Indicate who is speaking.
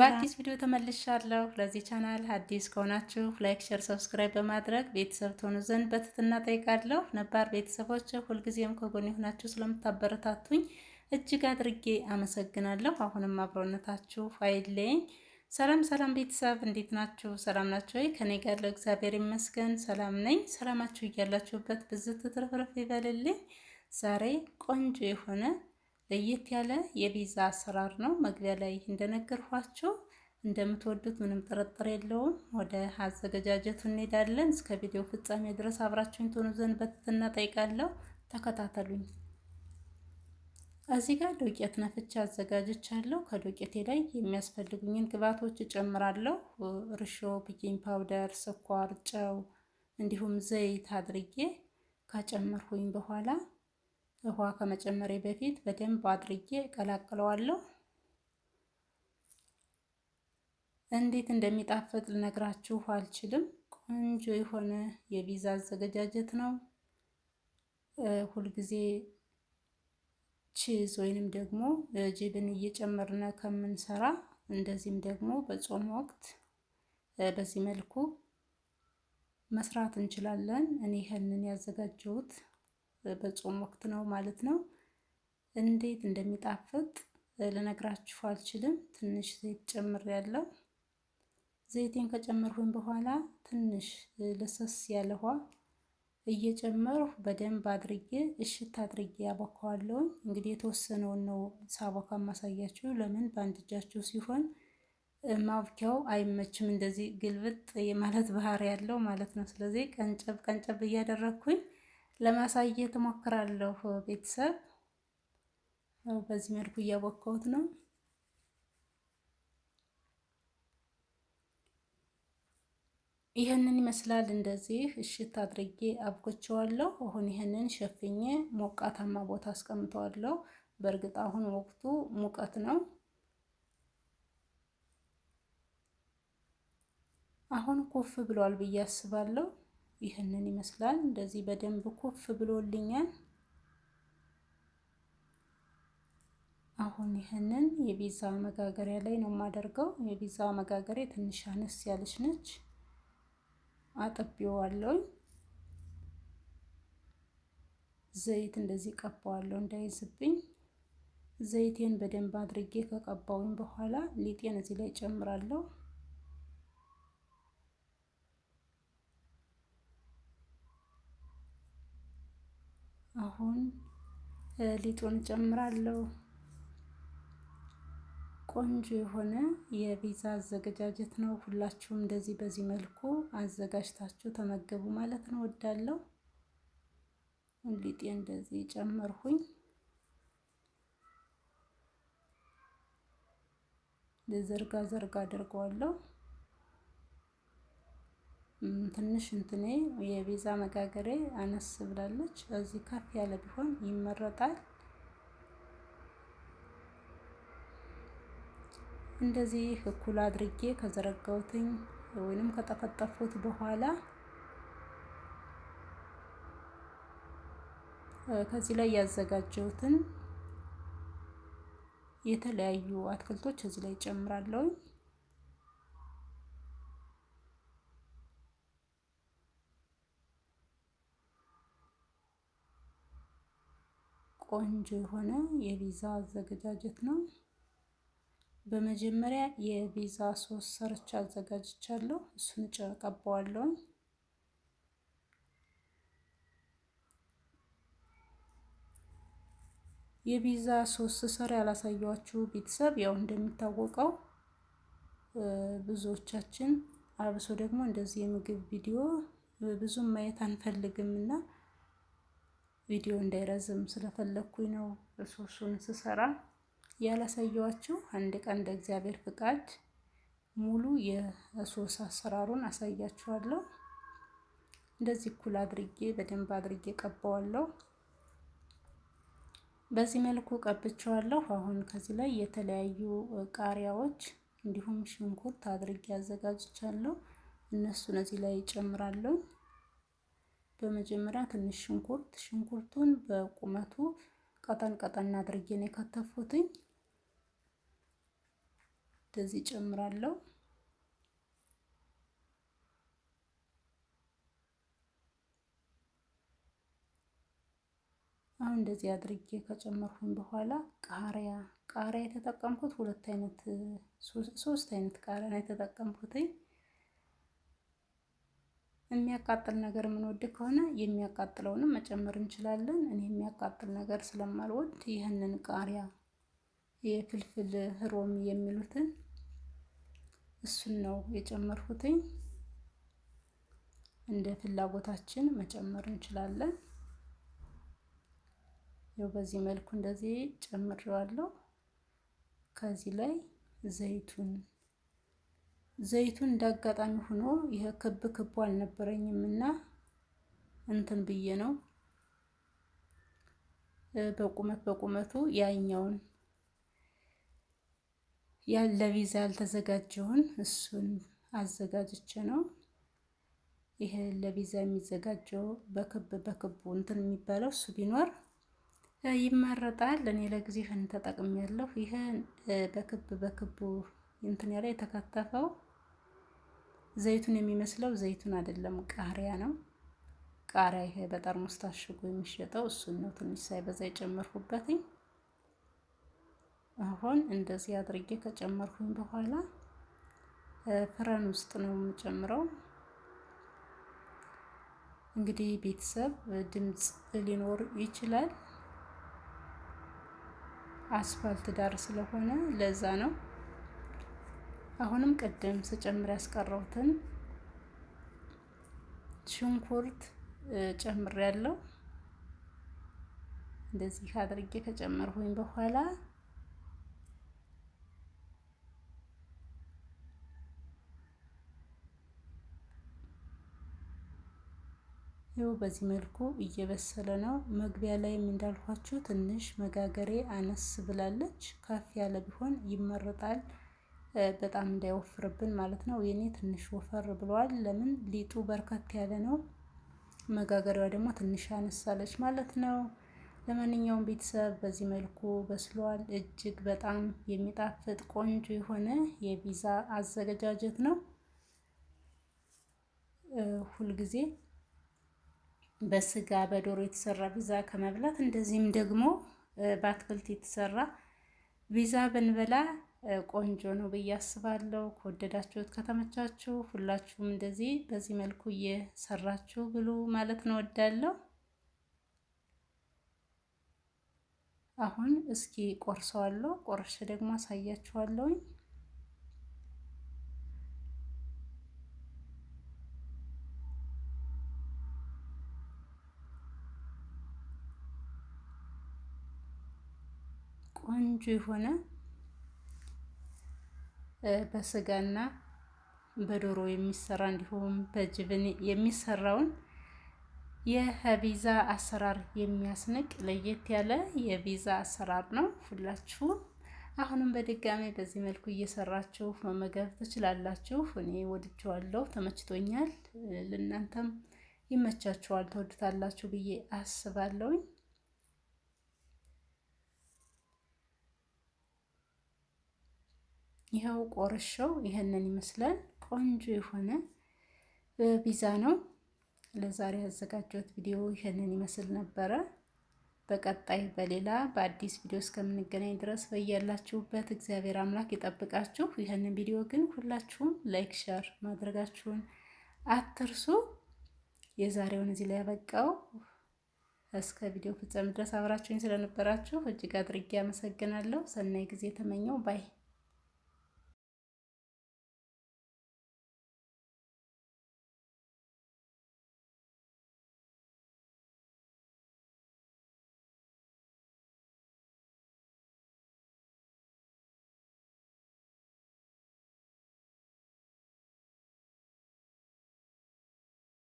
Speaker 1: በአዲስ ቪዲዮ ተመልሻለሁ። ለዚህ ቻናል አዲስ ከሆናችሁ ላይክ፣ ሸር፣ ሰብስክራይብ በማድረግ ቤተሰብ ትሆኑ ዘንድ በትህትና ጠይቃለሁ። ነባር ቤተሰቦች ሁልጊዜም ከጎን የሆናችሁ ስለምታበረታቱኝ እጅግ አድርጌ አመሰግናለሁ። አሁንም አብሮነታችሁ አይለየኝ። ሰላም ሰላም ቤተሰብ እንዴት ናችሁ? ሰላም ናችሁ ወይ? ከኔ ጋር ለእግዚአብሔር ይመስገን ሰላም ነኝ። ሰላማችሁ እያላችሁበት ብዝት ትርፍርፍ ይበልልኝ። ዛሬ ቆንጆ የሆነ ለየት ያለ የቪዛ አሰራር ነው። መግቢያ ላይ እንደነገርኳቸው እንደምትወዱት ምንም ጥርጥር የለውም። ወደ አዘገጃጀቱ እንሄዳለን። እስከ ቪዲዮ ፍጻሜ ድረስ አብራችሁን ትሆኑ ዘንድ በትህትና ጠይቃለሁ። ተከታተሉኝ። እዚህ ጋር ዶቄት ነፍቼ አዘጋጅቻለሁ። ከዶቄቴ ላይ የሚያስፈልጉኝን ግብአቶች እጨምራለሁ። እርሾ፣ ቤኪንግ ፓውደር፣ ስኳር፣ ጨው እንዲሁም ዘይት አድርጌ ከጨመርኩኝ በኋላ ውሃ ከመጨመሬ በፊት በደንብ አድርጌ እቀላቅለዋለሁ። እንዴት እንደሚጣፍጥ ልነግራችሁ አልችልም። ቆንጆ የሆነ የቪዛ አዘገጃጀት ነው። ሁልጊዜ ቺዝ ወይንም ደግሞ ጅብን እየጨመርን ከምንሰራ እንደዚህም ደግሞ በጾም ወቅት በዚህ መልኩ መስራት እንችላለን። እኔ ይህንን ያዘጋጀሁት በጾም ወቅት ነው ማለት ነው። እንዴት እንደሚጣፍጥ ልነግራችሁ አልችልም። ትንሽ ዘይት ጨምር ያለው ዘይቴን ከጨመርኩኝ በኋላ ትንሽ ለሰስ ያለ ውሃ እየጨመርሁ በደንብ አድርጌ እሽት አድርጌ ያቦካዋለሁ። እንግዲህ የተወሰነውን ነው ሳቦካ ማሳያችሁ። ለምን በአንድ እጃችሁ ሲሆን ማብኪያው አይመችም። እንደዚህ ግልብጥ የማለት ባህሪ ያለው ማለት ነው። ስለዚህ ቀንጨብ ቀንጨብ እያደረግኩኝ ለማሳየት ሞክራለሁ። ቤተሰብ ያው በዚህ መልኩ እያቦካሁት ነው። ይህንን ይመስላል። እንደዚህ እሽት አድርጌ አብቆቸዋለሁ። አሁን ይህንን ሸፍኜ ሞቃታማ ቦታ አስቀምጠዋለሁ። በእርግጥ አሁን ወቅቱ ሙቀት ነው። አሁን ኩፍ ብሏል ብዬ አስባለሁ። ይህንን ይመስላል። እንደዚህ በደንብ ኩፍ ብሎልኛል። አሁን ይህንን የቪዛ መጋገሪያ ላይ ነው የማደርገው። የቪዛ መጋገሪያ ትንሽ አነስ ያለች ነች። አጥቤዋለሁ። ዘይት እንደዚህ ቀባዋለሁ እንዳይዝብኝ። ዘይቴን በደንብ አድርጌ ከቀባውኝ በኋላ ሊጤን እዚህ ላይ ጨምራለሁ። አሁን ሊጡን ጨምራለሁ። ቆንጆ የሆነ የቪዛ አዘገጃጀት ነው። ሁላችሁም እንደዚህ በዚህ መልኩ አዘጋጅታችሁ ተመገቡ ማለት ነው። ወዳለው ሊጤ እንደዚህ ጨመርሁኝ። ዘርጋ ዘርጋ አድርገዋለሁ። ትንሽ እንትኔ የቤዛ መጋገሬ አነስ ብላለች። እዚህ ከፍ ያለ ቢሆን ይመረጣል። እንደዚህ እኩል አድርጌ ከዘረጋውትኝ ወይንም ከጠፈጠፉት በኋላ ከዚህ ላይ ያዘጋጀሁትን የተለያዩ አትክልቶች እዚህ ላይ ጨምራለሁኝ። ቆንጆ የሆነ የቪዛ አዘገጃጀት ነው። በመጀመሪያ የቪዛ ሶስት ሰርች አዘጋጅቻለሁ። እሱን ጨቀባዋለሁ። የቪዛ ሶስት ሰር ያላሳያችሁ ቤተሰብ ያው እንደሚታወቀው ብዙዎቻችን አብሶ ደግሞ እንደዚህ የምግብ ቪዲዮ ብዙም ማየት አንፈልግም እና ቪዲዮ እንዳይረዝም ስለፈለግኩኝ ነው እሱ ስሰራ ያላሳየዋችሁ። አንድ ቀን እንደ እግዚአብሔር ፍቃድ ሙሉ የሶስ አሰራሩን አሳያችኋለሁ። እንደዚህ እኩል አድርጌ በደንብ አድርጌ ቀባዋለሁ። በዚህ መልኩ ቀብቸዋለሁ። አሁን ከዚህ ላይ የተለያዩ ቃሪያዎች እንዲሁም ሽንኩርት አድርጌ አዘጋጅቻለሁ። እነሱን እዚህ ላይ እጨምራለሁ። በመጀመሪያ ትንሽ ሽንኩርት ሽንኩርቱን በቁመቱ ቀጠን ቀጠን አድርጌ ነው የከተፉትኝ። እንደዚህ ጨምራለሁ። አሁን እንደዚህ አድርጌ ከጨመርኩኝ በኋላ ቃሪያ ቃሪያ የተጠቀምኩት ሁለት አይነት ሶስት አይነት ቃሪያ ነው የተጠቀምኩትኝ። የሚያቃጥል ነገር የምንወድ ከሆነ የሚያቃጥለውንም መጨመር እንችላለን። እኔ የሚያቃጥል ነገር ስለማልወድ ይህንን ቃሪያ የፍልፍል ህሮም የሚሉትን እሱን ነው የጨመርሁትኝ። እንደ ፍላጎታችን መጨመር እንችላለን። ያው በዚህ መልኩ እንደዚህ ጨምሬዋለሁ። ከዚህ ላይ ዘይቱን ዘይቱን እንዳጋጣሚ ሆኖ ይሄ ክብ ክቡ አልነበረኝም እና እንትን ብዬ ነው በቁመት በቁመቱ ያኛውን ያለ ቪዛ ያልተዘጋጀውን እሱን አዘጋጅቼ ነው። ይሄ ለቪዛ የሚዘጋጀው በክብ በክቡ እንትን የሚባለው እሱ ቢኖር ይመረጣል። እኔ ለጊዜ ፈን ተጠቅሜያለሁ። ይሄ በክብ በክቡ እንትን ያለ የተከተፈው ዘይቱን የሚመስለው ዘይቱን አይደለም፣ ቃሪያ ነው። ቃሪያ ይሄ በጠርሙስ ታሽጎ የሚሸጠው እሱን ነው። ትንሽ ሳይበዛ የጨመርኩበትኝ። አሁን እንደዚህ አድርጌ ከጨመርኩኝ በኋላ ፍረን ውስጥ ነው የምጨምረው። እንግዲህ ቤተሰብ ድምፅ ሊኖር ይችላል። አስፋልት ዳር ስለሆነ ለዛ ነው። አሁንም ቅድም ስጨምር ያስቀረውትን ሽንኩርት ጨምር ያለው እንደዚህ አድርጌ ከጨመርሁኝ በኋላ ይኸው በዚህ መልኩ እየበሰለ ነው። መግቢያ ላይም እንዳልኳችሁ ትንሽ መጋገሬ አነስ ብላለች። ከፍ ያለ ቢሆን ይመረጣል። በጣም እንዳይወፍርብን ማለት ነው። የኔ ትንሽ ወፈር ብለዋል። ለምን ሊጡ በርከት ያለ ነው፣ መጋገሪያዋ ደግሞ ትንሽ አነሳለች ማለት ነው። ለማንኛውም ቤተሰብ በዚህ መልኩ በስሏል። እጅግ በጣም የሚጣፍጥ ቆንጆ የሆነ የቪዛ አዘገጃጀት ነው። ሁልጊዜ በስጋ በዶሮ የተሰራ ቪዛ ከመብላት እንደዚህም ደግሞ በአትክልት የተሰራ ቪዛ ብንበላ ቆንጆ ነው ብዬ አስባለሁ። ከወደዳችሁት ከተመቻችሁ ሁላችሁም እንደዚህ በዚህ መልኩ እየሰራችሁ ብሉ ማለት ነው ወዳለሁ። አሁን እስኪ ቆርሰዋለሁ። ቆርሼ ደግሞ አሳያችኋለሁኝ። ቆንጆ የሆነ በስጋና በዶሮ የሚሰራ እንዲሁም በጅብን የሚሰራውን የቪዛ አሰራር የሚያስንቅ ለየት ያለ የቪዛ አሰራር ነው። ሁላችሁም አሁንም በድጋሚ በዚህ መልኩ እየሰራችሁ መመገብ ትችላላችሁ። እኔ ወድችዋለሁ ተመችቶኛል። ለእናንተም ይመቻችኋል፣ ተወዱታላችሁ ብዬ አስባለሁኝ። ይኸው ቆርሸው ይህንን ይመስላል። ቆንጆ የሆነ ፒዛ ነው። ለዛሬ ያዘጋጀሁት ቪዲዮ ይህንን ይመስል ነበረ። በቀጣይ በሌላ በአዲስ ቪዲዮ እስከምንገናኝ ድረስ በያላችሁበት እግዚአብሔር አምላክ ይጠብቃችሁ። ይህንን ቪዲዮ ግን ሁላችሁም ላይክ፣ ሸር ማድረጋችሁን አትርሱ። የዛሬውን እዚህ ላይ ያበቃው። እስከ ቪዲዮ ፍጻሜ ድረስ አብራችሁኝ ስለነበራችሁ እጅግ አድርጌ አመሰግናለሁ። ሰናይ ጊዜ ተመኘው ባይ